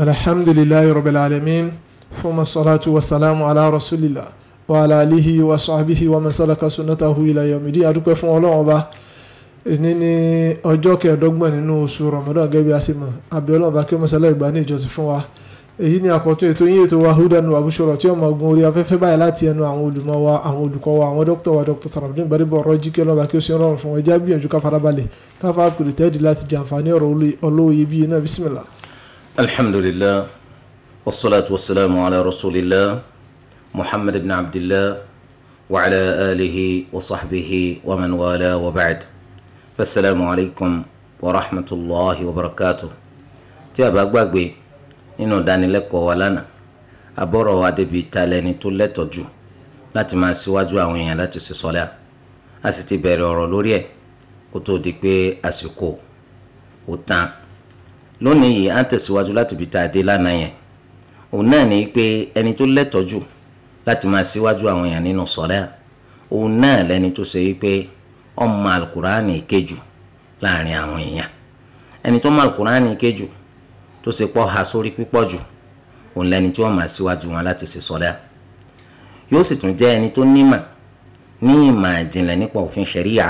alhamdulilayi rabbil alamin fuma salatu wa salamu ala rasulillah wa ala alihi wa sahbihi wa masalaka sunnatahu ila yomidi adúpẹ́ fún Ọlọ́run Ọba ní ní ọjọ́ kẹẹ̀ẹ́dọ́gbọ̀n nínú oṣù Ramadan gẹ́gẹ́ bí a ṣe mọ̀ àbí Ọlọ́run Ọba kí ó mọ̀sálẹ̀ ìgbà ní ìjọsìn fún wa èyí ni àkọ́tún ètò yín ètò wa hudan wa bushora tí ọmọ ogun orí afẹ́fẹ́ báyìí láti ẹnu àwọn olùmọ̀ wa àwọn olùkọ́ wa àwọn dókítà wa dókítà Sarafdeen Gbadebo ọ̀rọ̀ jíkẹ́ lọ́ba kí ó ṣe Ọlọ́run fún wọn ẹja gbìyànjú ká farabalẹ̀ ká fara kùrìtẹ́ẹ̀dì láti jàǹfààní ọ̀rọ̀ olóye bíi náà bísímìlá. الحمد لله والصلاة والسلام على رسول الله محمد بن عبد الله وعلى آله وصحبه ومن والاه وبعد فالسلام عليكم ورحمة الله وبركاته tí a bá gbàgbé nínú ìdánilẹ́kọ̀ọ́ wa lánàá abọ́rọ̀ wa débi ìtalẹ́ni tó lẹ́tọ̀ọ́ jù láti máa síwájú àwọn èèyàn láti ṣe sọ́lá a sì ti bẹ̀rẹ̀ ọ̀rọ̀ lórí ẹ̀ kó tó di pé àsìkò ò tán lónìí yìí à ń tẹ̀síwájú láti ibi tá a dé lánàá yẹn òun náà ni pé ẹni tó lẹ́tọ̀ọ́ jù láti máa síwájú àwọn èèyàn nínú sọ̀rẹ́ òun náà lẹni tó ṣe wípé ọmọ alukuraani kejù láàrin àwọn èèyàn ẹni tó mọ alukuraani kejù tó ṣe pọ́ ha sórí pípọ̀ jù òun lẹni tí wọ́n máa síwájú wọn láti ṣe sọ̀rẹ́ yóò sì tún jẹ́ ẹni tó nímà ní ìmà ìjìnlẹ̀ nípa òfin ṣẹ̀ríyà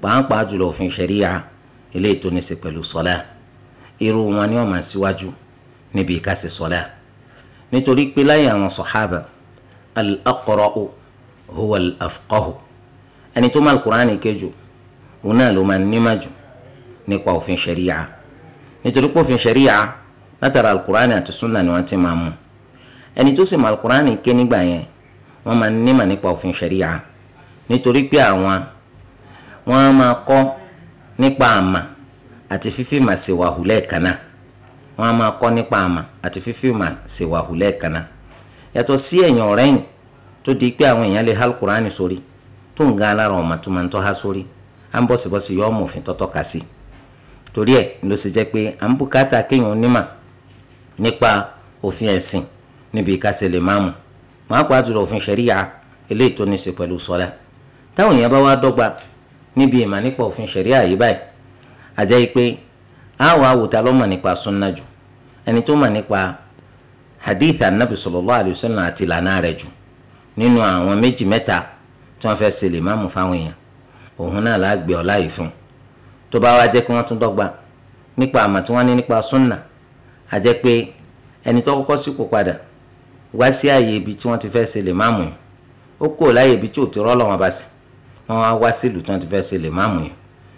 pàápàá jùlọ òfin ṣẹ̀ríyà ilé ìtòníṣe pẹ̀lú sọ̀rẹ́ irú wọn ni wọ́n máa síwájú níbi ká ṣe sọ́lá nítorí pé láyé àwọn sọ̀hábà al-aqra'u huwa al-afqahu ẹni tó máa kúránì kejì òun náà ló máa nímà jù nípa òfin ṣẹ̀ríyà nítorí pé òfin ṣẹ̀ríyà látara al-kúránì àti súnà ni wọ́n ti máa mú ẹni tó sì máa kúránì ké nígbà yẹn wọ́n máa nímà nípa òfin ṣẹ̀ríyà nítorí pé àwọn wọ́n máa kọ́ nípa àmà àti fífi mà ṣèwàhù lẹ́ẹ̀kan náà máa kọ́ nípa àmà àti fífi mà ṣèwàhù lẹ́ẹ̀kan yàtọ̀ sí ẹ̀yìn ọ̀rẹ́yìn tó di pé àwọn èèyàn lè hal kuraani sórí tó ń ga alára ọ̀mà tó máa ń tọ́ha sórí à ń òfin torí ẹ̀ ló jẹ́ pé à ń òfin ẹ̀sìn níbi lè òfin eléyìí tó ní í pẹ̀lú sọ́lá táwọn èèyàn bá wá dọ́gba níbi òfin yìí báyìí àjẹ́ yìí pé àwọn àwòtá ló mọ̀ nípa sunna jù ẹni tó mọ̀ nípa hadith anabi sallallahu alayhi wa sallam àti ìlànà rẹ̀ jù nínú àwọn méjì mẹ́ta tí wọ́n fẹ́ ṣe lè má mú fáwọn èèyàn òun náà láà gbé ọ̀la yìí fún tó bá wá jẹ́ kí wọ́n tún dọ́gba nípa àmọ̀ tí wọ́n ní nípa sunna àjẹ́ pé ẹni tó kọ́kọ́ sípò padà wá sí ààyè ibi tí wọ́n ti fẹ́ ṣe lè má mú yìí ó kúrò láàyè ibi tí ò ti rọ́ lọ́wọ́n bá sí wọ́n wá wá sílùú tí wọ́n ti fẹ́ ṣe lè má mú yìí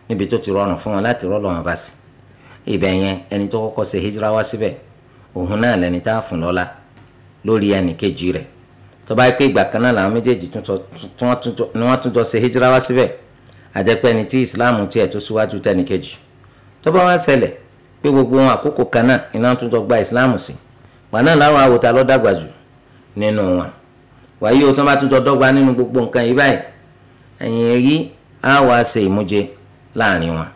níbi tó ti rọrùn fún wọn láti rọ́lọ́ wọn bá sí ibẹ̀ yẹn ẹni tó kọ́kọ́ ṣe hijira wá síbẹ̀ òun náà lẹni tá a fún lọ́lá lórí ẹnì kejì rẹ̀ tó bá pé ìgbà kan náà làwọn méjèèjì ni wọ́n tún jọ ṣe hijira wá síbẹ̀ àjẹpẹ́ ẹni tí ìsìláàmù tiẹ̀ tó síwájú tẹ́nì kejì tó bá wá ṣẹlẹ̀ pé gbogbo wọn àkókò kan náà iná tún jọ gba ìsìláàmù sí wà náà láwọn àwòtá ló dàgbà jù nínú wọn wàyí o tó bá tún jọ dọ́gba nínú gbogbo nǹkan yìí báyìí ẹ̀yìn èyí á wàá ṣe ìmúje láàrin wọn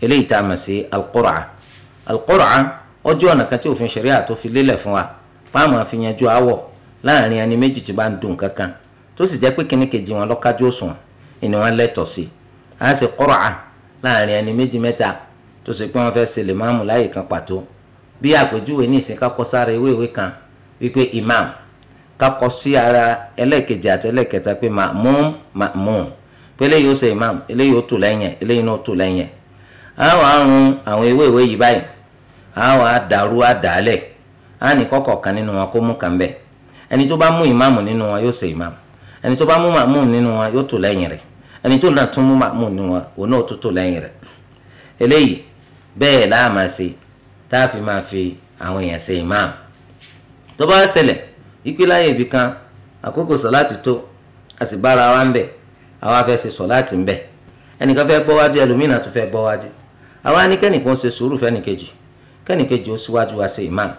eléyìí tá a mọ̀ sí alqur'a alqur'a ọjọ́ ọ̀nà kan tí òfin ṣẹ̀ríà tó fi lélẹ̀ fún wa páàmù àfihànjú àwọ̀ láàrin ẹni méjì tí bá ń dùn kankan tó sì jẹ́ pé kíní kejì wọn lọ́kájú òsùn ìní wọn lẹ́tọ̀ọ́ sí a sì qur'a láàrin ẹni méjì mẹ́ta tó sì pé wọ́n fẹ́ ṣe lè máàmù láyè kan pàtó bí àpèjúwe ní ìsìn kakọ sára ewé ìwé kan wípé imam kakọ sí ara ẹlẹ́ẹ̀kejì àti pé ma'mum ma'mum pé eléyìí ṣe imam eléyìí ó tò lẹ́yìn ẹ̀ eléyìí náà ó tò lẹ́yìn ẹ̀ àwọn àrùn àwọn ewé ìwé yìí báyìí àwọn àdàrú àdàálẹ̀ á ní kọ́kọ́ kan nínú wọn kó mú kan bẹ́ẹ̀ ẹni tó bá mú imam nínú wọn yóò ṣe imam ẹni tó bá mú màmú nínú wọn yóò tò lẹ́yìn rẹ̀ ẹni tó náà tún mú màmú nínú wọn òun náà tó tò lẹ́yìn rẹ̀ eléyìí bẹ́ẹ̀ láà ṣe tá a fi máa fi àwọn èèyàn ṣe imam tó bá ṣẹlẹ̀ ìpìláyè ibì kan àkókò sọ láti tó a sì bára wa ń bẹ̀ẹ́ àwa fẹ́ ṣe sọ̀láàtì ń bẹ̀ ẹnìkan fẹ́ bọ́ wájú ẹlòmínà tó fẹ́ bọ́ wájú àwa ní kẹ́nìkan ṣe sùúrù fẹ́nìkejì kẹ́nìkejì ó síwájú wa ṣe imam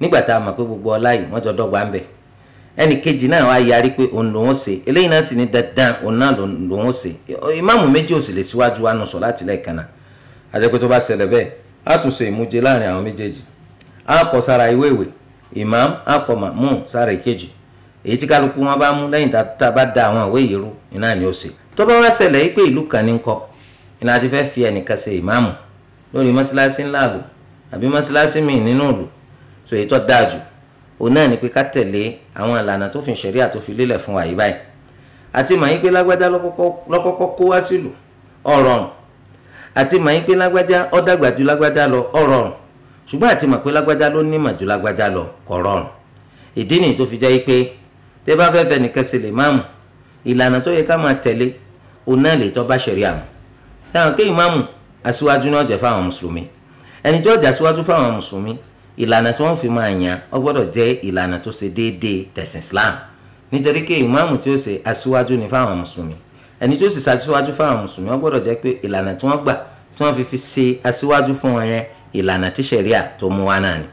nígbà tá a mọ̀ pé gbogbo ọlá yìí wọ́n jọ dọ́gba ń bẹ̀ ẹnìkejì náà wá yarí pé òun lòún ṣe eléyìí náà sì ní dandan òun náà lòún ṣe ìmáàmù méjì ò sì lè síwájú wa nù sọ̀láàtì lẹ́ẹ̀kan náà àjẹpẹ́ tó bá ṣẹlẹ̀ bẹ́ẹ̀ á tún ṣe ìmújẹ imam á kọ màmú sára ìkejì èyí tí kálukú wọn bá mú lẹ́yìn tá a bá da àwọn ìwé yìí rú iná ni ó ṣe tó bá wá ṣẹlẹ̀ yìí pé ìlú kan ní kọ́ iná àti fẹ́ fi ẹnìkan ṣe ìmáàmù lórí mọ́ṣáláṣí ńlá àbò àbí mọ́ṣáláṣí míì nínú ìlú so èyí tó dáa jù òun náà ni pé ká tẹ̀lé àwọn ìlànà tó fi ṣẹ̀ríà tó lélẹ̀ fún wa yìí báyìí àti màá yín pé lágbájá lọ́kọ́kọ́ kó wá sílùú ọ̀rọ̀rùn àti màá yín pé lágbájá ó dàgbà ju lágbájá lọ ọ̀rọ̀rùn ṣùgbọ́n àti màá pé lágbájá ló nímọ̀ ju lágbájá lọ kò ìdí nìyí tó fi jẹ́ pé tẹ́ bá fẹ́ẹ́ fẹ́ nìkan ṣe lè máàmù ìlànà tó yẹ ká máa tẹ̀lé òun náà lè tọ́ bá ṣẹ̀rí àmù táwọn kéèyàn máàmù aṣíwájú náà jẹ́ fáwọn mùsùlùmí ẹni tó jà síwájú fáwọn mùsùlùmí ìlànà tí wọ́n fi máa yàn ọ gbọ́dọ̀ jẹ́ ìlànà tó ṣe déédéé tẹ̀sìn Islam nítorí pé ìmáàmù tí ó ṣe aṣíwájú ni fáwọn mùsùlùmí ẹni tó sì ṣaṣíwájú fáwọn mùsùlùmí ọ gbọ́dọ̀ jẹ́ pé ìlànà tí wọ́n gbà tí wọ́n fi fi ṣe aṣíwájú fún wọn yẹn ìlànà tí tó mú wá náà ni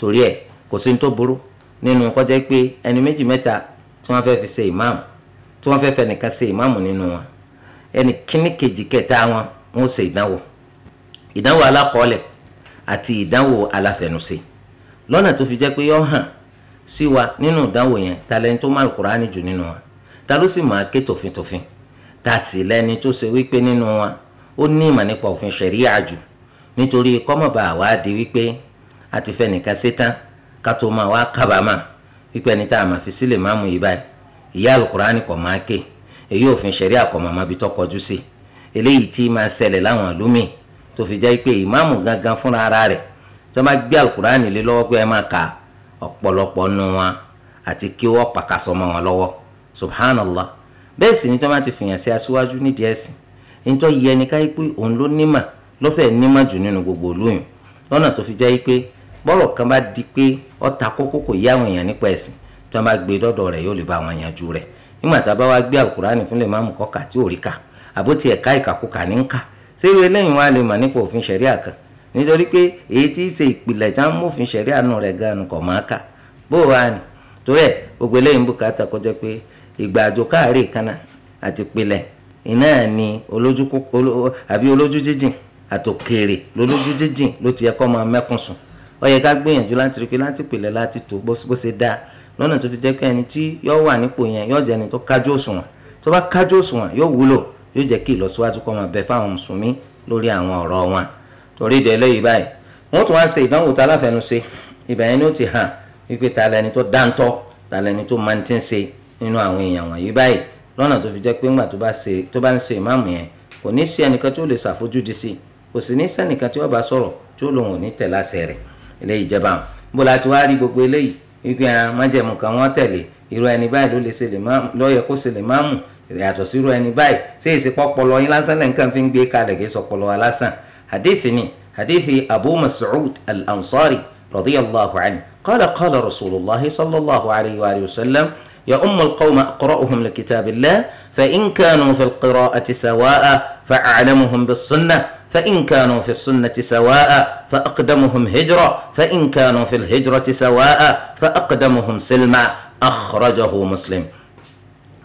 torí ẹ̀ kò sí ní tó burú nínú kọjá pé ẹni méjì mẹ́ta tí wọ́n fẹ́ẹ́ fi ṣe ìmáàmù tí wọ́n fẹ́ẹ́ fẹnìkan ṣe ìmáàmù nínú wọn ẹni kíní kejì kẹta wọn wọ́n ṣe ìdánwò ìdánwò alákọọ́lẹ̀ àti ìdánwò aláfẹnusẹ lọ́nà tó fi jẹ́ pé yọ hàn sí wa nínú ìdánwò yẹn ta lẹni tó máa Kùránì jù nínú wọn ta ló sì máa ké tòfintòfin ta sì lẹni tó ṣe wípé nínú wọn ó ní ìmọ̀ nípa òfin ṣẹ̀ríyà jù nítorí kọ́mọ̀bà àwa di wípé a fẹ́ nìkan ṣe kátó máa wá kábàámà pípẹ́ ní tá a máa fi sílẹ̀ máa mú yìí báyìí ìyá alukurani kò máa ké èyí òfin ṣẹ̀rí àkọ́mọ́mọ́ bí tó kọjú sí eléyìí tí máa ṣẹlẹ̀ láwọn ìlú míì tó fi jẹ́ pé ìmáàmù gangan fúnra ara rẹ̀ tó máa gbé alukurani lé lọ́wọ́ pé ẹ máa kà ọ̀pọ̀lọpọ̀ nu wọn àti kí wọ́n pàkàsọ mọ́ wọn lọ́wọ́ subhanallah bẹ́ẹ̀ sì ni tó máa ti fìyàn sí aṣíwájú nídìí ẹ̀sìn ní tó yẹ ni káyí pé òun ló nímà lọ́fẹ̀ẹ́ nímà jù nínú gbogbo olóyún lọ́nà tó fi jẹ́ pé bọ́rọ̀ kan bá di pé ọ̀tà kókó kò yá àwọn èèyàn nípa ẹ̀sìn tí wọ́n bá gbé dọ́dọ̀ e rẹ̀ yóò lè bá àwọn yanjú rẹ̀ nígbà tá a bá wá gbé alukurani fún lè máàmù kọ́ka tí ò rí ka àbó tiẹ̀ ká ìkàkùkà ní ń kà kan nítorí pé èyí tí í ṣe ìpìlẹ̀ tí wọ́n ṣẹ̀ríà nù rẹ̀ gan máa kà bó torí ẹ̀ gbogbo eléyìí ń kó jẹ́ pé káàárẹ̀ àti ìpìlẹ̀ iná ni olójú àbí olójú jíjìn àtòkèrè ó yẹ ká gbìyànjú láti rí pé láti pèlè láti tó bó ṣe dá lọ́nà tó fi jẹ́ pé ẹni tí yóò wà nípò yẹn yóò jẹ́ ẹni tó kájú òṣùwọ̀n tó bá kájú òṣùwọ̀n yóò wúlò yóò jẹ́ kí ìlọsíwájú kó máa bẹ fáwọn mùsùlùmí lórí àwọn ọ̀rọ̀ wọn torí ìdè eléyìí báyìí wọ́n tún wá ṣe ìdánwò tá aláfẹnusẹ ibẹ̀ ni ó ti hàn wípé ta lẹni tó dáńtọ́ ta lẹni tó máa ń tí ń ṣe nínú àwọn èèyàn wọ̀nyí báyìí lọ́nà tó fi jẹ́ pé ńgbà tó bá ń ṣe ìmáàmù bá sọ̀rọ̀ tí ó eléyìí jẹba àwọn bó la ti wá rí gbogbo eléyìí wípé àwọn májẹ̀mú kan wọ́n tẹ̀lé irú ẹni báyìí ló lè ṣe lè máàmù lọ́yẹ̀ kó ṣe lè mu iyato sí irú ẹni báyìí ṣé isepo polo yín lásán lẹ́yìn kan fi ń gbé kalẹ̀ kí sọpọlọ wa lásán hadithi ni hadithi abu mas'ud al-ansari rọ̀dí allahu anhu kọ́lá kọ́lá rasulillahi sallallahu alayhi wa sallam ya يؤم القوم أقرأهم لكتاب الله فإن كانوا في القراءة سواء فأعلمهم بالسنة فإن كانوا في السنة سواء فأقدمهم هجرة فإن كانوا في الهجرة سواء فأقدمهم سلما أخرجه مسلم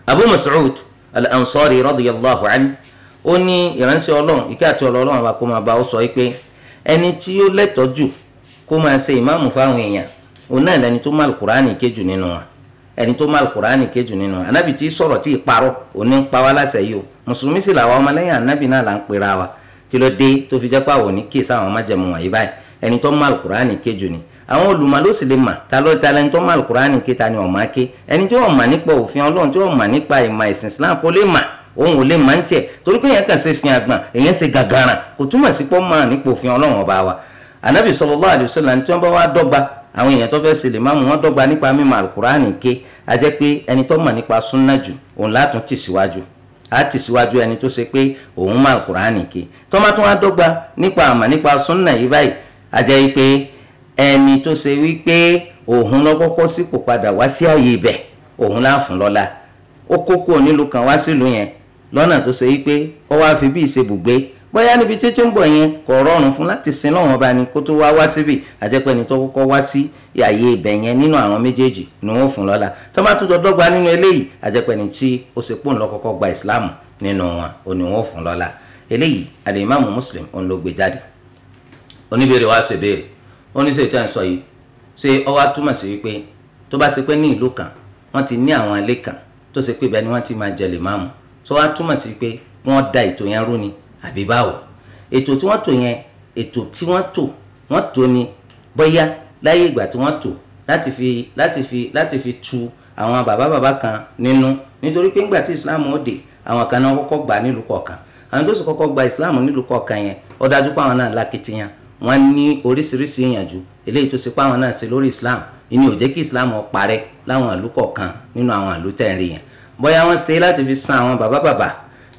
أبو مسعود الأنصاري رضي الله عنه ó ní ìránṣẹ́ ọlọ́run ìkẹ́ àti ọlọ́run àbá kó máa bá ọ sọ yìí pé ẹni tí ó lẹ́tọ̀ọ́ jù kó máa ṣe ìmáàmù fáwọn èèyàn òun náà lẹni tó má alukurani kéjù nínú wa ẹni tó má alukurani kéjù nínú wa anábì tí sọ̀rọ̀ tí ì parọ́ òun ní ń pa wá láṣẹ yìí o mùsùlùmí sì làwa ọmọlẹ́yìn anábì náà là ń pera wa kí ló dé tó fi jẹ́ pé àwọn òní kìí sáwọn májẹ̀mú wọ̀nyí báyìí ẹni tó mọ alukurani ké jù ni àwọn olùmọ̀ ló sì lè mà ta ló ta lẹni tó mọ alukurani ké ta ni ọ̀ máa ké ẹni tí wọ́n mà nípa òfin ọlọ́run tí wọ́n mà nípa ìmọ̀ ìsìn Islam kó lè mà òun ò lè mà ń tiẹ̀ torí pé èèyàn kàn ṣe fi àgbọ̀n èèyàn ṣe gàgàrà kò túmọ̀ sí pọ́ mọ̀ nípa òfin ọlọ́run ọba wa anabi sallallahu alaihi wasallam tí wọ́n bá wá dọ́gba àwọn èèyàn tó fẹ́ ṣe lè má mú wọn dọ́gba nípa mímọ̀ alukurani ké a jẹ́ pé ẹni tó mọ̀ nípa súnà jù òun látún tì síwájú a ti siwaju ẹni tó ṣe pé òun máa kúránì ké tọ́mọ́ tó wá dọ́gba nípa àmọ̀ nípa súnà yìí báyìí eni jẹ́ pé ẹni tó ṣe wípé òun lọ kọ́kọ́ sípò padà wá sí àyè ibẹ̀ òun láà fún ó kókó onílù kan wá sílùú yẹn lọ́nà tó ṣe wípé ó wá fi bí ìṣebùgbé bóyá níbi títí ń bọ̀ yẹn kò rọrùn fún láti sin náà wọn bá ní kó tó wá wá síbì àjẹpẹ́ ni tó kọ́kọ́ wá sí àyè ibẹ̀ yẹn nínú àwọn méjèèjì ni wọ́n fún lọ́lá tó bá tún dọ́gba nínú eléyìí àjẹpẹ́ ni tí ó ṣe pòun lọ́kọ́kọ́ gba ìsìláàmù nínú wọn ò ní wọ́n fún lọ́lá eléyìí alimami muslim òun ló gbé jáde oníbèrè wa ṣe béèrè oníṣẹ́ ìtàn sọ yìí ṣé ó wá túmọ̀ ṣe pé ní ìlú ṣe pé ni wọ́n ti máa jẹ lè máàmù tó wá túmọ̀ sí pé wọ́n da ètò yẹn rú ni àbí báwo ètò tí wọ́n tò yẹn ètò tí wọ́n tò wọ́n tò ní bóyá láyé ìgbà tí wọ́n tò láti fi láti fi láti fi tu àwọn bàbá bàbá kan nínú nítorí pé ńgbà tí islam ó dé àwọn kan náà kọ́kọ́ gbà nílùú kọ̀ọ̀kan àwọn tó sì kọ́kọ́ gba islam nílùú kọ̀ọ̀kan yẹn ó dájú pé àwọn náà lakitiyan wọ́n ní oríṣiríṣi ìyànjú eléyìí tó ṣe pé àwọn náà ṣe lórí islam ìní ò jẹ́ kí islam ó parẹ́ láwọn ìlú kọ̀ọ̀kan nínú àwọn ìlú tẹ̀rín yẹn bóyá wọ́n ṣe láti fi san àwọn bàbá bàbá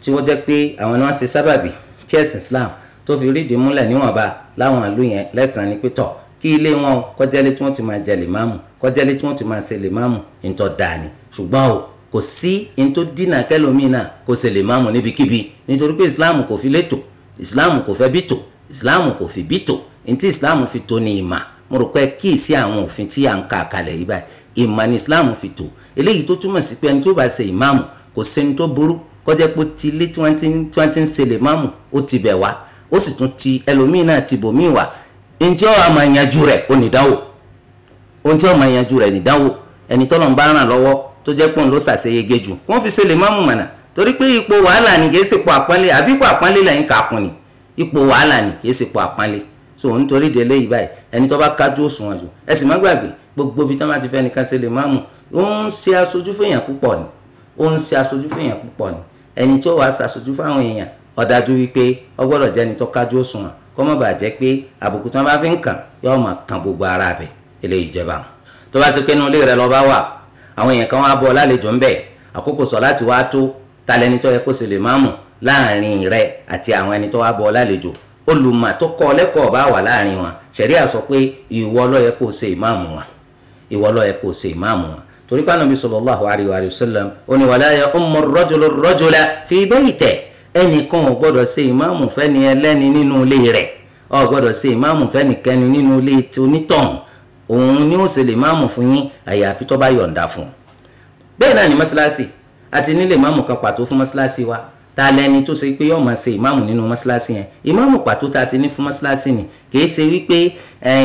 tí wọ́n jẹ́ pé àwọn ni wọ́n ṣe sábàbí tí ẹ̀sìn Islam tó fi rídìí múlẹ̀ níwọ̀nba láwọn ìlú yẹn lẹ́sàn-án ni pé tọ̀ kí ilé wọn kọjálé tí wọ́n ti máa jẹ lèmáàmù kọjálé tí wọ́n ti máa ṣe lèmáàmù ìtọ̀ dàní ṣùgbọ́n o kò sí in tó dínà kẹlòmíì náà kò ṣe lèmáàmù níbikíbi nítorí pé Islam kò fi létò Islam kò fẹ́ bítò Islam kò fi bítò ntí Islam fi tó ni ìmà mo rò pé kíì sí àwọn òfin tí à ń ka àkàlẹ̀ yìí báyìí ìmà ni Islam fi tò eléyìí tó túmọ̀ sí pé ẹni tó bá ṣe ìmáàmù kò sẹ́ni tó burú kọjá pé ti ilé tí wọ́n ti ń tí wọ́n ti ń ṣe lè máàmù ó ti bẹ̀ wá ó sì tún ti ẹlòmíì náà ti bòmíì wá ntí ọ̀ àmà yanjú rẹ̀ ó nìdánwò ntí ọ̀ àmà yanjú rẹ̀ nìdánwò ẹni tọ́lọ̀ ń bá ràn lọ́wọ́ tó jẹ́ pọ́n ló ṣàṣeyege jù wọ́n fi ṣe lè máàmù mọ̀nà torí pé ipò wàhálà ni kìí ṣèpò àpọ́nlé àbí ipò àpọ́nlé lẹ́yìn kàkùn ni ipò wàhálà ni kìí ṣèpò àpọ́nlé so nítorí délé yìí báyìí ẹni tó bá kájú òṣùwọ̀n jù ẹ sì má gbàgbé gbogbo ibi tí wọ́n bá ti fẹ́ nìkan ṣe lè máàmù ó ń ṣe aṣojú fèèyàn púpọ̀ ni ó ń ṣe aṣojú fèèyàn púpọ̀ ni ẹni tí ó wàá ṣàṣojú fáwọn èèyàn ó dájú wípé ó gbọ́dọ̀ jẹ́ ẹni tó kájú òṣùwọ̀n kó má bàa jẹ́ pé àbùkù tí wọ́n bá fi ń kàn yóò máa kan gbogbo ara rẹ̀ eléyìí jẹba. tó bá ṣe pé inú ilé rẹ lọ bá wà àwọn èèyàn kan wá bọ́ lálejò ń bẹ̀ àkókò sọ láti wá tó talẹ́ni tó yẹ kó ṣe lè má mú láàrin rẹ àti àwọn ẹni tó wá bọ́ lálejò olùmọ̀ tó kọ́ lẹ́kọ̀ọ́ bá wà láàrin wọn ṣẹ̀ríà sọ pé ìwọ ló yẹ kó ṣe ìmáàmù wọn ìwọ ló yẹ kó ṣe ìmáàmù wọn torí pé anabi sallallahu alayhi wa sallam ó ní wala ya ummu ar-rajulu ar-rajula fi baytihi ẹnìkan ò gbọ́dọ̀ ṣe ìmáàmù fẹ́ni ẹlẹ́ni nínú ilé rẹ̀ ọ gbọ́dọ̀ ṣe ìmáàmù fẹ́nìkẹ́ni nínú ilé onítọ̀hún òun ni ó ṣe lè máàmù fún yín àyàfi tó bá yọ̀ǹda fún un bẹ́ẹ̀ náà ni mọ́ṣáláṣí àti nílé máàmù kan pàtó fún mọ́ṣáláṣí wa ta lẹni tó ṣe pé yóò máa ṣe ìmáàmù nínú mọ́ṣáláṣí yẹn ìmáàmù pàtó ta ti ní fún mọ́ṣáláṣí ni kìí ṣe wípé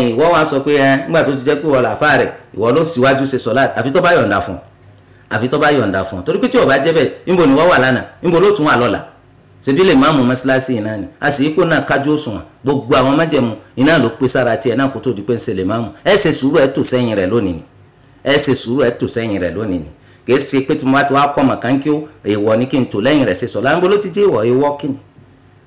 ìwọ wa sọ pé nígbà tó ti jẹ́ pé ìwọ làáfà rẹ̀ ìwọ ló síwájú ṣe sọ́lá àfi tó bá yọ̀ǹda fún àfi tó bá yọ̀ǹda fún torí pé tí ó jẹ́ bẹ́ẹ̀ níbo ni wọ́n wà lánàá níbo ló tún wà lọ́la ṣebí lè máàmù mọ́ṣáláṣí yìí náà ni a sì ipò náà kájú òṣùwọ̀n gbogbo àwọn májẹ̀mú iná ló pé sára tiẹ̀ náà kó tó di pé ń ṣe lè máàmù ẹ ṣe sùúrù ẹ tò sẹ́yìn rẹ̀ lónìí ni ẹ ṣe sùúrù ẹ tò sẹ́yìn rẹ̀ lónìí ni kìí ṣe pé tí mo bá ti wá kọ́ ọmọ kan kí ó èèwọ̀ ni kí n tò lẹ́yìn rẹ̀ ṣe sọ láńgbó ló ti dé ìwọ̀ èèwọ̀ kí ni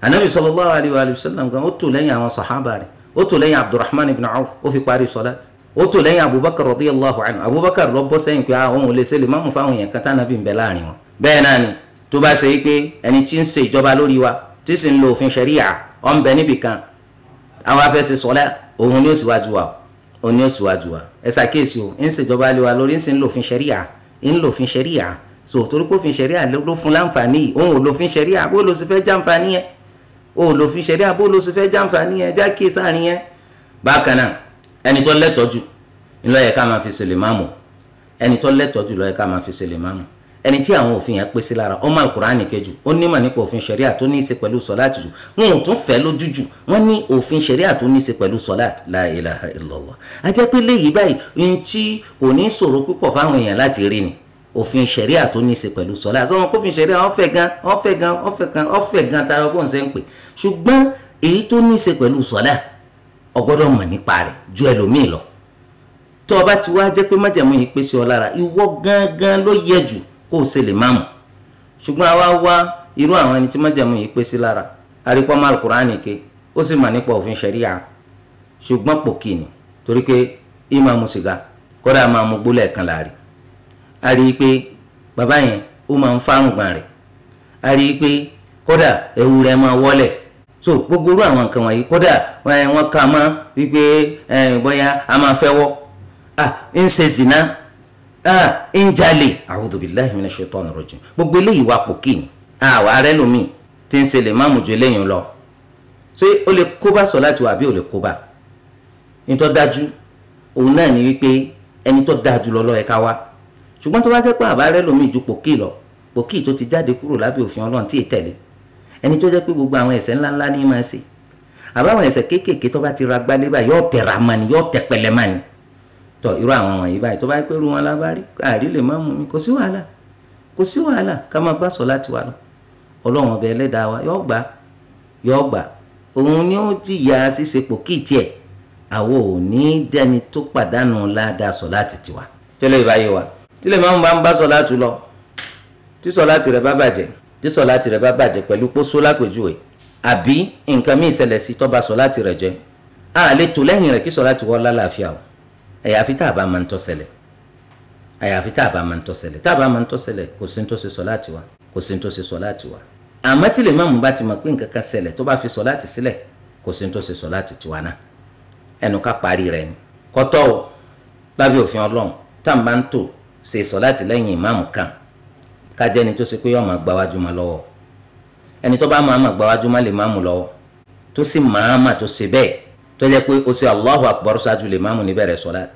anabi sallallahu alayhi wa sallam gan ó tò lẹ́yìn àwọn sàhábà rẹ̀ ó tò lẹ́yìn abdulrahman ibn auf ó fi parí sọláàtì ó tò lẹ́yìn abubakar radiyallahu anhu abubakar lọ bọ́ sẹ́yìn pé àwọn ah, òun lè ṣe lè má mú fáwọn èèyàn kan tánàbí ń bẹ láàrin wọn. bẹ́ẹ̀ náà ni tó bá ṣe pé ẹni tí ń ṣe ìjọba lórí wa tí sì ń lo òfin ṣẹ̀ríyà ọ̀ ń bẹ níbì kan àwọn afẹ́sẹ̀ sọlá òun ni ó síwájú wa òun ni ó síwájú wa ẹ ṣàkíyèsí o ń ṣèjọba lé wa lórí ń sì ń lo òfin ṣẹ̀ríyà ń lòfin ṣẹ̀ríà so torí pé òfin ṣẹ̀ríà ló fún láǹfààní yìí òun ò lòfin ṣẹ̀ríà bó ló sì fẹ́ jàǹfààní yẹn o ò lòfin ṣẹ̀ríà bó ló sì fẹ́ jàǹfààní yẹn já kí sáàrin yẹn. bákan náà ẹni tó lẹ́tọ̀ọ́ jù máa fi ṣe lè máàmù ẹni tó lẹ́tọ̀ọ́ jù máa fi ṣe lè máàmù ẹni tí àwọn òfin yẹn pèsè lára ọmọ alukurani kejì ó nímọ̀ nípa òfin ṣẹ̀ríà tó ní í ṣe pẹ̀lú sọ́láàtì jù wọn ò tún fẹ́ lójú jù wọ́n ní òfin ṣẹ̀ríà tó ní í ṣe pẹ̀lú sọ́láàtì la ilaha illallah ajẹ́ pé léyìí báyìí ohun tí kò ní ṣòro púpọ̀ fáwọn èèyàn láti rí ni òfin ṣẹ̀ríà tó ní í ṣe pẹ̀lú sọ́láàtì sọ́wọ́n kófin ṣẹ̀ríà ọ̀fẹ́ gan ọ̀fẹ́ gan ọ̀fẹ́ gan ọ̀fẹ́ gan tayọ bó ń ṣe ń pè ṣùgbọ́n èyí tó ní í ṣe pẹ̀lú sọ́lá ọgbọ́dọ̀ mọ̀ nípa rẹ̀ ju ẹlòmíì lọ tó o bá ti wá jẹ́ pé májẹ̀mú yìí pèsè ọ lára ìwọ gangan ló yẹ jù kó o ṣe lè máàmù ṣùgbọ́n àwa wá irú àwọn ẹni tí májẹ̀mú yìí pé lára àrípọ́ máa ke ó sì mà nípa òfin ṣẹ̀ríà ṣùgbọ́n pòkì ni torí pé ìmọ̀ mu sìgá kódà máa mu gbólẹ̀ kan láàrin a rí i pé bàbá yẹn ó máa ń fárùngbọ̀n rẹ̀ a rí i pé ẹ̀wù rẹ̀ máa so gbogbo irú àwọn nǹkan wọ̀nyí wọ́n ká máa wípé a máa fẹ́ wọ́ zina Ah, ń jalè a'udhu billahi minash shaitani rajim gbogbo eléyìí wà pò kí ni àwọn arẹ lomi ti ń ṣẹlẹ̀ má mú ju eléyìí lọ ṣé o lè kóbá sọ láti wà bí o lè kóbá nítọ́ dájú òun náà ni wípé ẹni tó dáa jùlọ lọ ẹ̀ka wa ṣùgbọ́n tó bá jẹ́ pé àbá rẹ lomi ju pò kí lọ pò kí tó ti jáde kúrò lábẹ́ òfin ọlọ́run tí ì tẹ̀lé ẹni tó jẹ́ pé gbogbo àwọn ẹ̀ṣẹ̀ ńláńlá ní máa ṣe àbáwọn ẹ̀ṣẹ̀ kéékèèké tó bá ti ra gbálé yóò tẹ̀ra mani yóò tẹ̀pẹ̀lẹ̀ mani tọ irú àwọn wọ̀nyí báyìí tó bá yẹ pé irú wọn lábárí àrí lè má mú mi kò sí wàhálà kò sí wàhálà ká máa bá sọ láti wà lọ ọlọ́run ọbẹ̀ ẹlẹ́dàá wa yọ gbà yọ gbà òun ni ó ti yà á ṣíṣe pò kí tiẹ̀ àwo ò ní dẹni tó pàdánù ládàá sọ láti tiwa. tẹ́lẹ̀ ìbáyé wa tílẹ̀ máa ń bá ń bá sọ láti lọ tí sọ láti rẹ̀ bá bàjẹ́ tí sọ láti rẹ̀ bá bàjẹ́ pẹ̀lú pósó lápèjúwe àbí nǹkan míì ṣẹlẹ̀ sí tó sọ láti rẹ̀ jẹ́ a lè tò lẹ́yìn rẹ̀ kí sọ láti wọ́ lálàáfíà o àyàfi tá a bá máa ń tọ́sẹ̀lẹ̀ àyàfi tá a bá máa ń tọ́sẹ̀lẹ̀ tá a bá máa ń tọ́sẹ̀lẹ̀ kò sí ní tó ṣe sọ láti wá kò sí ní tó ṣe sọ láti wá àmọ́ tí lè máàmù bá ti mọ̀ pé nǹkan kan ṣẹlẹ̀ tó bá fi sọ láti sílẹ̀ kò sí ní tó ṣe sọ láti tiwa náà ẹnu ká parí rẹ̀ ni kọ́tọ́ o lábẹ́ òfin ọlọ́run tá à ń bá ń tò ṣe sọ láti lẹ́yìn ìmáàmù kan ká jẹ́ ẹni tó ṣe pé yóò máa gbáwájú máa lọ́wọ́ ẹni tó jẹ́ pé o ṣe allahu akbar ṣáájú lè máàmù níbẹ̀rẹ̀ sọ́láàt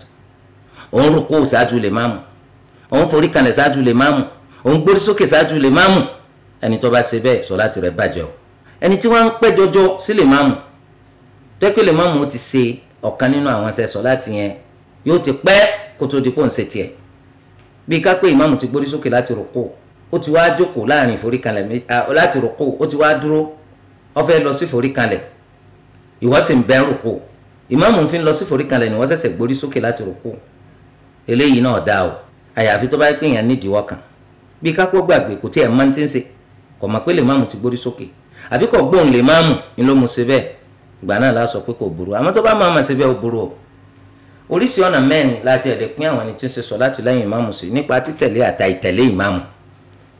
òun rúkú ṣáájú lè máàmù òun forí kanlẹ̀ ṣáájú lè máàmù òun gbórí sókè ṣáájú lè máàmù ẹni tó bá ṣe bẹ́ẹ̀ sọ́láàt rẹ̀ bàjẹ́ o ẹni tí wọ́n ń pẹ́ jọjọ sí lè máàmù tó pé lè máàmù ti ṣe ọ̀kan nínú àwọn ṣe sọ́láàt yẹn yóò ti pẹ́ kó tó di pò ń ṣe tiẹ̀ bí ká ìmáàmù ti gbórí sókè láti rúkú ó ti wá jókòó láàrin ìforíkanlẹ̀ láti rúkú ó ti wá dúró ó fẹ́ lọ sí ìforíkanlẹ̀ ìwọ sì ń bẹ ń rùkú ìmáàmù ń fi lọ sí foríkanlẹ̀ ni wọ́n ṣẹ̀ṣẹ̀ gbórí sókè láti rùkú eléyìí náà dáa o àyàfi tó bá pè yàn nídìí ọkàn bí kápó gbàgbé kò tí ẹ̀ máa ń tí ń ṣe kò mọ̀ pé lè máàmù ti gbórí sókè àbí kò gbóhùn lè máàmù ni ló mu ṣe bẹ́ẹ̀ ìgbà náà la sọ pé kò burú àmọ́ tó bá máa ma ṣe bẹ́ẹ̀ ó burú o oríṣi ọ̀nà mẹ́rin láti ẹ̀lẹ́ pín àwọn ẹni tí ń ṣe sọ láti lẹ́yìn ìmáàmù sí nípa títẹ̀lé àti àìtẹ̀lé ìmáàmù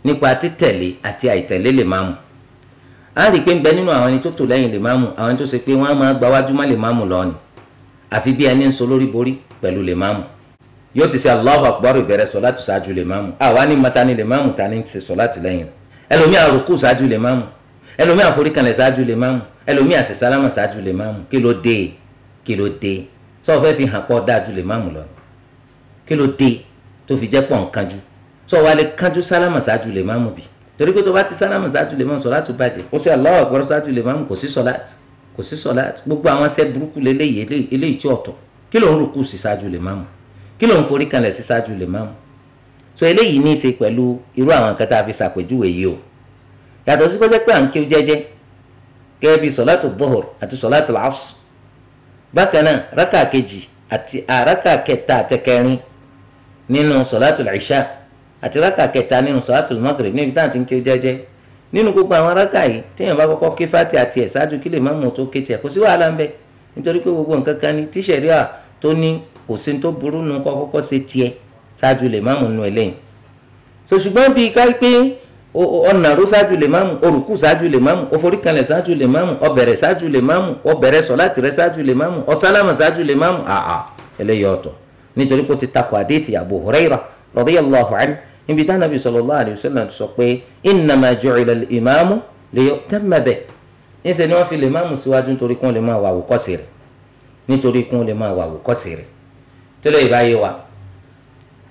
nípa títẹ̀lé àti àìtẹ̀lé lè máàmù á rí i pé ń bẹ nínú àwọn ẹni tó tò lẹ́yìn lè má mú àwọn ẹni tó ṣe pé wọ́n á máa gba wájú má lè má mú lọ ni àfi bí ẹni ń so lórí borí pẹ̀lú lè má mú yóò ti ṣe Allahu Akbar ìbẹ̀rẹ̀ sọ láti ṣáájú lè má mú àwa ní mata ni lè má mú ta ni ti sọ láti lẹ́yìn ẹlòmíà rúkú ṣáájú lè má mú ẹlòmíà foríkanlẹ̀ ṣáájú lè má mú ẹlòmíà ṣe ṣáájú lè má mú kí ló dé sọ fẹ́ fi hàn pọ̀ dájú lè má mú lọ kí ló dé tó fi jẹ́ pọ̀ nǹkanjú sọ wa lè sálámà ṣáájú lè má mú bíi torí pé tó bá ti sálámù sátú lè mọ̀ sọ́láàtù bàjẹ́ ó sì Allahu Akbar sátú lè mọ̀ kò sí sọ́láàtù kò sí sọ́láàtù gbogbo àwọn ṣẹ́ burúkú lélẹ́yìí eléyìí tí ọ̀tọ̀ kí ló ń rùkú sí ṣáájú lè máàmù kí ló ń forí kanlẹ̀ sí ṣáájú lè máàmù so eléyìí ní í ṣe pẹ̀lú irú àwọn nǹkan tá a fi ṣàpèjúwe yìí o yàtọ̀ sí pé à ń kí ó jẹ́jẹ́ gẹ́gẹ́ bí sọ́láàtù àti rákà kẹta nínú sọ́láàtù magrib níbi táwọn ti ń kí ó jẹ́jẹ́ nínú gbogbo àwọn rákà yìí téèyàn bá kọ́kọ́ ké fati àti ẹ̀ ṣáájú kí lè má mú tó ké tiẹ̀ kò sí wàhálà ń bẹ nítorí pé gbogbo nǹkan kan ní tíṣẹ̀ríà tó ní kò sí tó burú nu kọ́ kọ́kọ́ ṣe tiẹ̀ ṣáájú lè má mú nu ẹlẹ́yìn so ṣùgbọ́n bíi ká pé ọ̀nà ró ṣáájú lè má mú orùkù ṣáájú lè má mú oforíkanlẹ̀ ṣáájú lè má mú ọbẹ̀rẹ̀ ṣáájú lè má mú ọbẹ̀rẹ̀ sọ̀láàtì níbi tí anabi sallallahu alayhi wa sallam sọ pé innama ju'ila al-imamu liyu'tamma bihi níṣẹ́ ni wọ́n fi lè máa mú síwájú nítorí kún lè máa wà wòkọ́sì rẹ̀ nítorí kún lè máa wà wòkọ́sì rẹ̀ tó lè bá yé wa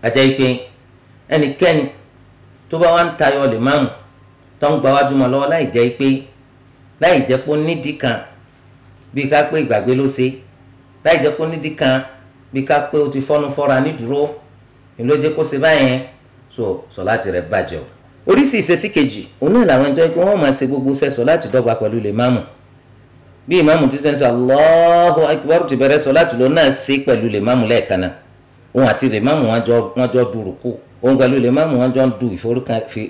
àjẹ́ ìpè ẹnikẹ́ni tó bá wà ń tayọ lè máa mú tó ń gba mọ́ lọ́wọ́ láì jẹ́ pé láì jẹ́ pé ó kan bí ká pé ìgbàgbé ló ṣe láì jẹ́ pé ó kan bí ká pé ó ti fọ́nú fọ́ra nídùúró ìlú kó ṣe báyẹn so sọláàtì rẹ̀ bàjẹ́ o. oríṣi ìṣesí kejì òun náà làwọn ẹni tó yẹ kí wọ́n máa ṣe gbogbo sẹ́sọ láti dọ́gba pẹ̀lú lè máàmù bí ìmáàmù ti sẹ́nsọ Allahu Akbar ti bẹ̀rẹ̀ sọ láti lọ náà ṣe pẹ̀lú lè máàmù lẹ́ẹ̀kan náà òun àti lè máàmù wọn jọ du rùkú òun pẹ̀lú lè máàmù wọn jọ du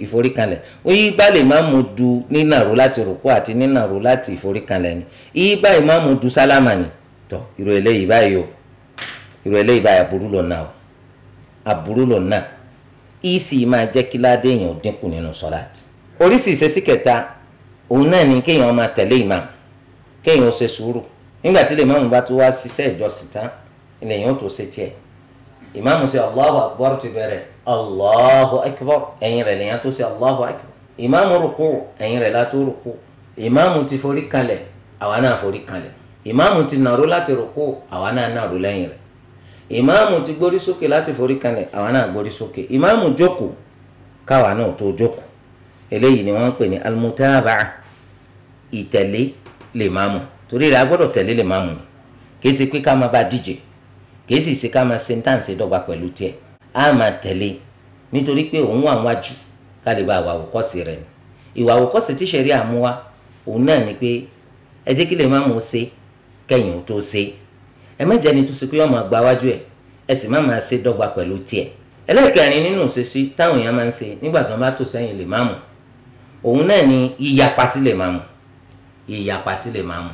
ìforíkanlẹ̀ òyìn bá máàmù du nínàró láti rùkú àti nínàró láti ìforíkanlẹ̀ ni ìyí bá ìmáàmù du sálámà ni tọ́ ìrò eléyìí báyìí o ìrò eléyìí báyìí aburú ìsì e máa jẹ́ kí ládé èèyàn dínkù nínú sọ́láàtì oríṣi ìṣesí kẹta òun náà ni kéèyàn máa tẹ̀lé ìmáàmù kéèyàn ó ṣe sùúrù nígbà tí lè bá tó wá ṣiṣẹ́ ìjọsìn tán lèèyàn ó tó ṣe tiẹ̀ ìmáàmù allahu akbar ti bẹ̀rẹ̀ allahu akbar ẹ̀yìn rẹ̀ lèèyàn tó ṣe allahu akbar ìmáàmù rúkú ẹ̀yìn rẹ̀ látó rúkú ìmáàmù ti forí àwa náà forí ìmáàmù ti gbórí sókè láti forí kanlẹ̀ àwa náà gbórí sókè ìmáàmù jókòó káwa náà tó jókòó eléyìí ni wọ́n ń pè ní almutaba'a ìtẹ̀lé lè máàmù torí rẹ̀ a gbọ́dọ̀ tẹ̀lé lè máàmù ni kìí ṣe pé ká máa bá díje kìí sì ṣe ká máa ṣe tá à ń ṣe dọ́gba pẹ̀lú tiẹ̀ á máa tẹ̀lé nítorí pé òun wà wájú ká lè bá àwa àwòkọ́ṣe rẹ̀ ni ìwà àwòkọ́ṣe tíṣẹ̀rí àmúwá òun náà ni pé ẹ jẹ́ kí lè máàmù ṣe kẹ́yìn tó ṣe ẹ má jẹ́ni tó ṣe pé ọmọ àgbà wájú ẹ̀ ẹ sì má máa ṣe dọ́gba pẹ̀lú tiẹ̀ ẹlẹ́ẹ̀kẹrin nínú òṣèṣì táwọn èèyàn máa ń ṣe nígbà tó ń bá tò sẹ́yìn lè máàmù òun náà ni yíyapa sí lè máàmù yíyapa sí lè máàmù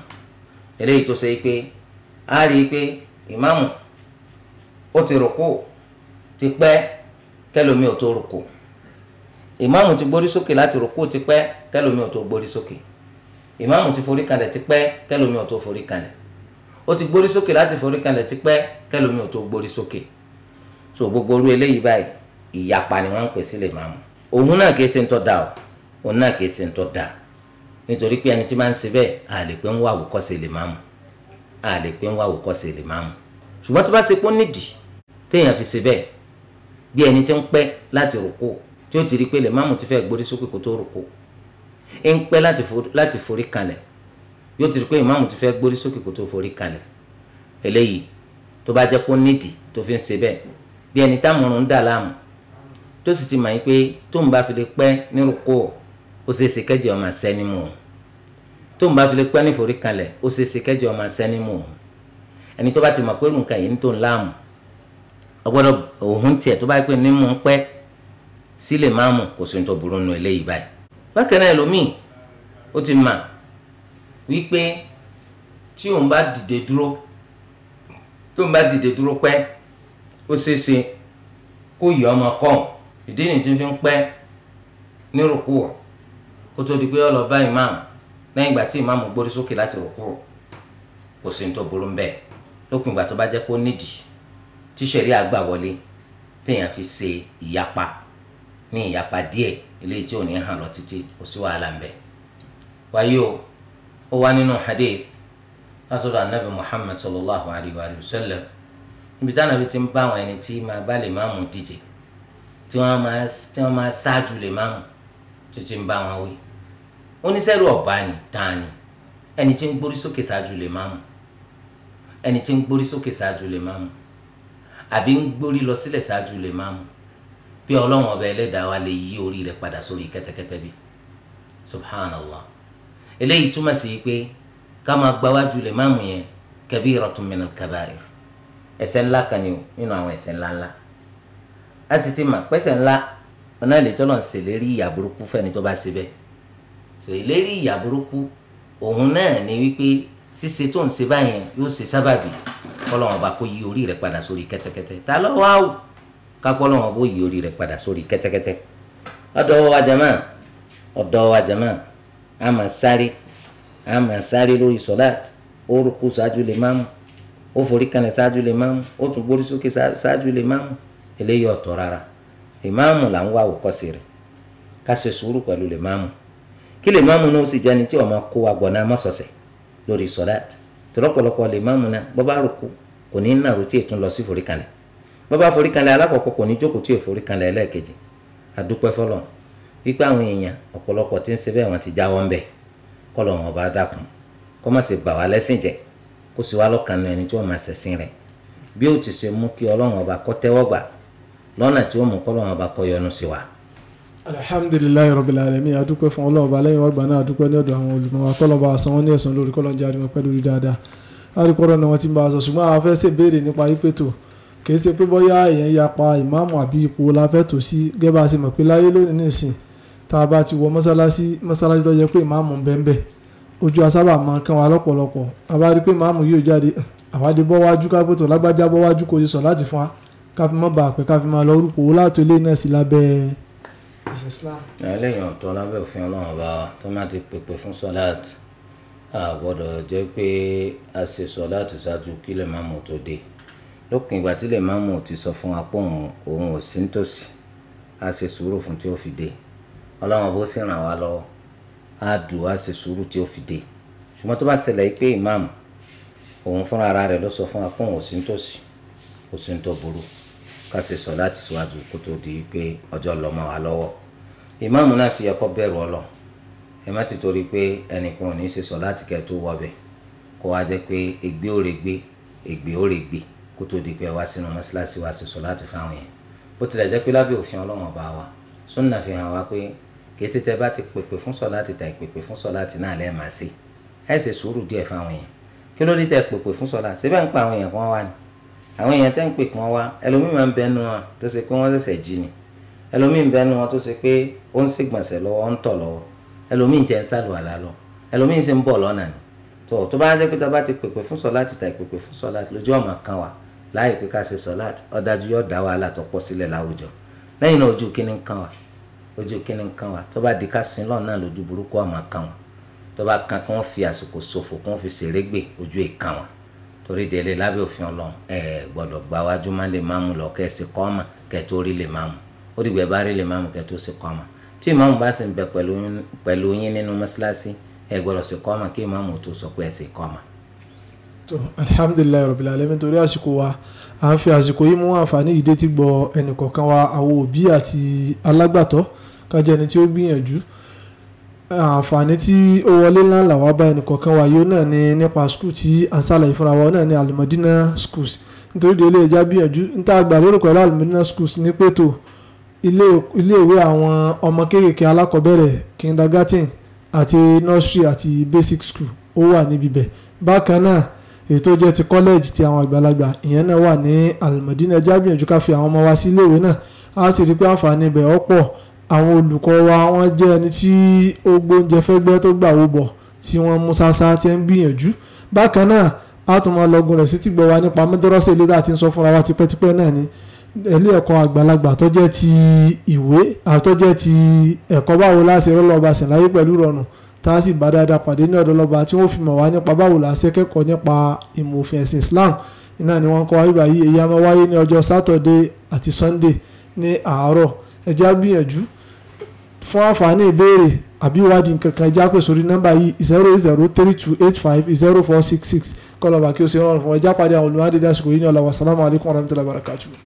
eléyìí tó ṣe pé a rí i pé ìmáàmù ó ti rùkú ti pẹ́ kẹlòmí ò tó rùkú ìmáàmù ti gbórí sókè láti rùkú ti pẹ́ kẹlòmí ò tó gbórí sókè ìmáàmù ti forí kalẹ̀ ti pẹ́ kẹlòmí ò tó forí kalẹ̀ ó ti gbórí sókè láti forí kalẹ̀ tipẹ́ kẹlòmíì ò tó gbórí sókè so gbogbo orú eléyìí báyìí ìyapa ni wọ́n ń pè sílẹ̀ máa mú òun náà kìí ṣe ń tọ́ da o òun náà kìí ṣe ń tọ́ da nítorí pé ẹni tí máa ń ṣe bẹ́ẹ̀ a lè pé ń wá àwòkọ́ṣe lè máa mú a lè pé ń wá àwòkọ́ṣe lè máa mú ṣùgbọ́n tó bá ṣe pọ́n nídìí téèyàn fi ṣe bẹ́ẹ̀ bí ẹni tí ń pẹ́ láti rúkú tí ó ti rí pé lè máa mú ti fẹ́ gbórí sókè kó tó rúkú ń pẹ́ láti forí kanlẹ̀ yóò ti rí pé ìmáàmù ti fẹ́ gbórí sókè kó tó forí kalẹ̀ eléyìí tó bá jẹ́ pé ó nídìí tó fi ń ṣe bẹ́ẹ̀ bí ẹni támùrún ń dà láàmú tó sì ti mọ̀ yín pé tóun bá fi lè pẹ́ ó ṣe é ṣe o tóun bá fi lè pẹ́ níforí kalẹ̀ ó ṣe é o ẹni tó bá ti mọ̀ pé nǹkan yìí ń tó ń láàmú ọgbọ́dọ̀ òun tiẹ̀ tó bá pẹ́ nímú ń pẹ́ sílẹ̀ máàmù kò sí ní tó burú eléyìí báyìí bákan náà wípé tí òun bá dìde dúró tí òun bá dìde dúró pẹ́ ó ṣeéṣe kó yẹ ọmọ kọ́ ìdí nìyí tí fi ń pẹ́ ní rúkú kó tó di pé ó lọ bá ìmáàmù lẹ́yìn ìgbà tí ìmáàmù gbórí sókè láti rúkú kò sí ní tó burú bẹ́ẹ̀ lópin ìgbà tó bá jẹ́ pé nídìí tí àgbà wọlé téèyàn fi ṣe ìyapa ní ìyapa díẹ̀ eléyìí tí ò ní hàn lọ títí kò sí wàhálà ń bẹ wáyé o ó wá nínú hadith látọ̀dọ̀ anabi muhammad sallallahu alayhi wa sallam ibi táwọn anabi ti ń bá àwọn ẹni tí máa bá lè máàmù díje tí wọ́n máa tí wọ́n máa ṣáájú lè máàmù tó ti ń bá wọn wí oníṣẹ́rù ọ̀bá ni tàn ni ẹni tí ń gbórí sókè ṣáájú lè máàmù ẹni tí ń gbórí sókè ṣáájú lè máàmù àbí ń gbórí lọ sílẹ̀ ṣáájú lè máàmù bí ọlọ́run ọba ẹlẹ́dàá wa lè yí orí rẹ̀ padà sórí kẹ́tẹ́kẹ́tẹ́ bí subhanallah eléyìí túmọ̀ sí pé ká máa gbáwájú lè máàmù yẹn kabiratun min al-kabair ẹ̀ṣẹ̀ ńlá kan ni o nínú àwọn ẹ̀ṣẹ̀ ńlá ńlá a sì ti mà pẹ́ṣẹ̀ ńlá ọ̀nà ìlẹ́jọ́ lọ́n ṣèlérí ìyà burúkú fẹ́ni tó bá ṣe bẹ́ẹ̀ ṣèlérí ìyà burúkú òun náà ni wípé ṣíṣe tó ń ṣe báyẹn yóò ṣe sábàbí kọ́lọ́wọ́n bá kó yí orí rẹ̀ padà sórí kẹ́tẹ́kẹ́tẹ́ ta ló wá wù ká kọ́lọ́wọ́n bó yí orí rẹ̀ padà sórí kẹ́tẹ́kẹ́tẹ́ ọ̀dọ́ wa jàmáà ọ̀dọ́ wa jàmáà a máa sáré a máa sáré lórí sọ́láàt ó rúkú ṣáájú lè máa mú ó forí kanlẹ̀ ṣáájú lè máa mú ó tún gbórí sókè ṣáájú lè máa mú eléyìí ọ̀tọ̀ rárá ìmáàmù là ń wá àwòkọ́sí rẹ̀ ká ṣe sùúrù pẹ̀lú lè máàmù kí lè máàmù náà ó sì jẹ́ni tí ọmọ kó wa gbọ̀nà mọ́sọ̀sẹ̀ lórí sọ́láàt tọ́lọ́pọ̀lọpọ̀ lè máàmù náà bọ́ bá rúkú kò ní nàró tí ètún lọ sí forí kanlẹ̀ bọ́ bá forí kanlẹ̀ alákọ̀ọ́kọ́ kò ní jókòó tí èforí kanlẹ̀ ẹlẹ́ẹ̀kejì àdúpẹ́ fọlọ́n pípẹ́ àwọn èèyàn ọ̀pọ̀lọpọ̀ tí ń ṣe bẹ́ẹ̀ wọ́n ti jáwọ́ ńbẹ̀ kọ́lọ̀ wọn bá dákun kọ́ má ṣe bà wá lẹ́sìn jẹ́ kó sì wá lọ́kànnù ẹni tí wọ́n máa ṣẹ̀sìn rẹ̀ bí ó ti ṣe mú kí ọlọ́run ọba kọ́ tẹ́wọ́ gbà lọ́nà tí ó mú kọ́lọ́run ọba kọ́ yọ́nú sí wa. alhamdulilayi rabbil alamin adúpẹ́ fún ọlọ́run ọba lẹ́yìn wàgbà náà adúpẹ́ ní ọ̀dọ̀ àwọn olùmọ̀ wa kọ́lọ́run bá san wọ́n ní ẹ̀san lórí kọ́lọ́run jẹ́ adúmọ̀ pẹ́ lórí dáadáa àríkọ́rọ̀ náà wọ́n ti ń bá a sọ ṣùgbọ́n àwọn fẹ́ ṣe béèrè nípa ipe tó kì í ṣe pé bọ́yá èèyàn yapa ìmáàmù àbí ipò la fẹ́ sí gẹ́gẹ́ bá a ṣe mọ̀ pé láyé lónìí nìsín tá a bá ti wọ mọ́sálásí mọ́sálásí tó jẹ́ pé ìmáàmù ń bẹ́ẹ̀ bẹ́ẹ̀ ojú asábà máa kan wa lọ́pọ̀lọpọ̀ a bá rí pé ìmáàmù yóò jáde àwádìí bọ́ wájú kápẹ́tọ̀ lágbájá bọ́ wájú kò yẹ sọ láti fún wa ká fi mọ́ bá a pẹ́ ká fi máa lọ rúpò owó láàtò ilé náà sí lábẹ́ ẹ̀sìn Islam. ẹlẹ́yìn ọ̀tọ̀ lábẹ́ òfin Ọlọ́run bá tó máa ti pèpè fún sọ́láàtì a gbọ́dọ̀ jẹ́ pé a ṣe sọ́láàtì ṣáájú kí lè máàmù tó dé lópin ìgbà tí lè máàmù ti sọ fún apọ̀ òun ò sí a ṣe sùúrù fún tí ó fi dé ọlọ́run bó sì ràn wá lọ́wọ́ á dùn á ṣe sùúrù tí ó fi dé ṣùgbọ́n tó bá ṣẹlẹ̀ pé imam òun fúnra ara rẹ̀ ló sọ fún wa pé òun ò sí ń tòsí ó sì ń tó burú ká ṣe sọ láti síwájú kó tó di pé ọjọ́ lọ mọ́ wa lọ́wọ́ imam náà sì yẹ kó bẹ̀rù ọlọ́run ẹ má ti torí pé ẹnìkan ò ní ṣe sọ láti kẹ́ tó wọ bẹ̀ kó wá jẹ́ pé ègbé ó rè gbé ègbé ó rè gbé kó tó di pé wá sínú mọ́ṣáláṣí wá ṣe sọ láti fáwọn yẹn bó tilẹ̀ jẹ́ pé lábẹ́ òfin ọlọ́run ọba wa sunna fi hàn wá pé kìí ṣe tẹ bá ti pèpè fún sọláàtì tà ìpèpè fún sọláàtì náà lẹ́ẹ̀ máa ṣe ẹ ṣe sùúrù díẹ̀ fáwọn èèyàn kí ló dé tẹ pèpè fún sọláàtì síbẹ̀ ń pa àwọn èèyàn kan wá ni àwọn èèyàn tẹ́ ń pè kan wá ẹlòmíì máa ń bẹnu wọn tó ṣe pé wọ́n ṣẹ̀ṣẹ̀ jí ni ẹlòmíì ń bẹnu wọn tó ṣe pé ó ń ṣègbọ̀nsẹ̀ lọ́wọ́ ń tọ̀ lọ́wọ́ ẹlòmíì jẹ́ ń sàlùwàlá lọ ẹlòmíì ṣe ń bọ̀ lọ́nà ni ojú kíni kan wa tó bá di ká sin lọ́nà lójú burúkú àmọ́ kan wọn tó bá kan kí wọ́n fi àsìkò ṣòfò kí wọ́n fi ṣèrégbè ojú ìkan wọn torí délé lábẹ́ òfin ọlọ́run ẹ gbọ́dọ̀ gba wájú má lè máàmù lọ kẹ́ ẹ sì kọ́ ọmọ kẹ́ ẹ tó rí lè máàmù ó dìgbà bá rí lè máàmù kẹ́ ẹ tó sì kọ́ ọmọ tí ìmáàmù bá sì ń bẹ pẹ̀lú yín nínú mọ́ṣáláṣí ẹ gbọ́dọ̀ sì kọ́ ọmọ kí ìmáàmù tó sọ pé ẹ sì kọ́ ọmọ alhamdulilayi rabil alamin torí àsìkò wa à ń fi àsìkò yìí mú àǹfààní yìí détí gbọ́ ẹnìkọ̀ọ̀kan wa àwọn òbí àti alágbàtọ́ kájẹ́ ẹni tí ó gbìyànjú àǹfààní tí ó wọlé ńláńlá wá bá ẹnìkọ̀ọ̀kan wa yóò náà ní nípa skul tí à ń sàlàyé fúnra wa náà ní alimadina schools nítorí délé ẹja gbìyànjú níta àgbà lórí pẹ̀lú alimadina schools ní pẹ̀tò iléèwé àwọn ọmọ kéékèèké alákọ̀ọ́bẹ̀rẹ̀ kindergarten àti nursery àti basic school ó wà níbi bẹ̀ bákan náà èyí tó jẹ́ ti kọ́lẹ́ẹ̀jì ti àwọn àgbàlagbà ìyẹn náà wà ní Al-Madina ẹja gbìyànjú ká fi àwọn ọmọ wa sí iléèwé náà a sì rí pé àǹfààní ibẹ̀ ọ̀pọ̀ àwọn olùkọ́ wa wọ́n jẹ́ ẹni tí ó gbóúnjẹ fẹ́gbẹ́ tó gbà wó bọ̀ tí wọ́n mú ṣáṣá ti ń gbìyànjú bákan náà a tún rẹ̀ sí ti gbọ̀ wá nípa mẹ́tọ́rọ́sẹ̀ ilé láti ń sọ fúnra wa tipẹ́tipẹ́ náà ni ilé ẹ̀kọ́ àgbàlagbà tó ti ìwé àtọ́jẹ́ ti ẹ̀kọ́ báwo láṣẹ rọ́lọ́ọ̀bàṣẹ̀ láyé pẹ̀lú rọrùn tá a sì bá dáadáa pàdé ní ọ̀dọ̀ lọ́ba tí wọ́n fi mọ̀ wá nípa báwo la ṣe kẹ́kọ̀ọ́ nípa ìmọ̀ òfin ẹ̀sìn Islam iná ni wọ́n kọ́ wá bíbá yìí èyí a máa wáyé ní ọjọ́ Saturday àti Sunday ní àárọ̀ ẹ jẹ́ á gbìyànjú fún àǹfààní ìbéèrè àbí ìwádìí kankan ẹ jẹ́ á pè sórí nọ́mbà yìí zero eight zero three two eight five zero four six six kọ́ lọ́ba kí o ṣe rọrùn fún ẹ á pàdé àwọn olùwádìí dásìkò yìí ní ọ̀la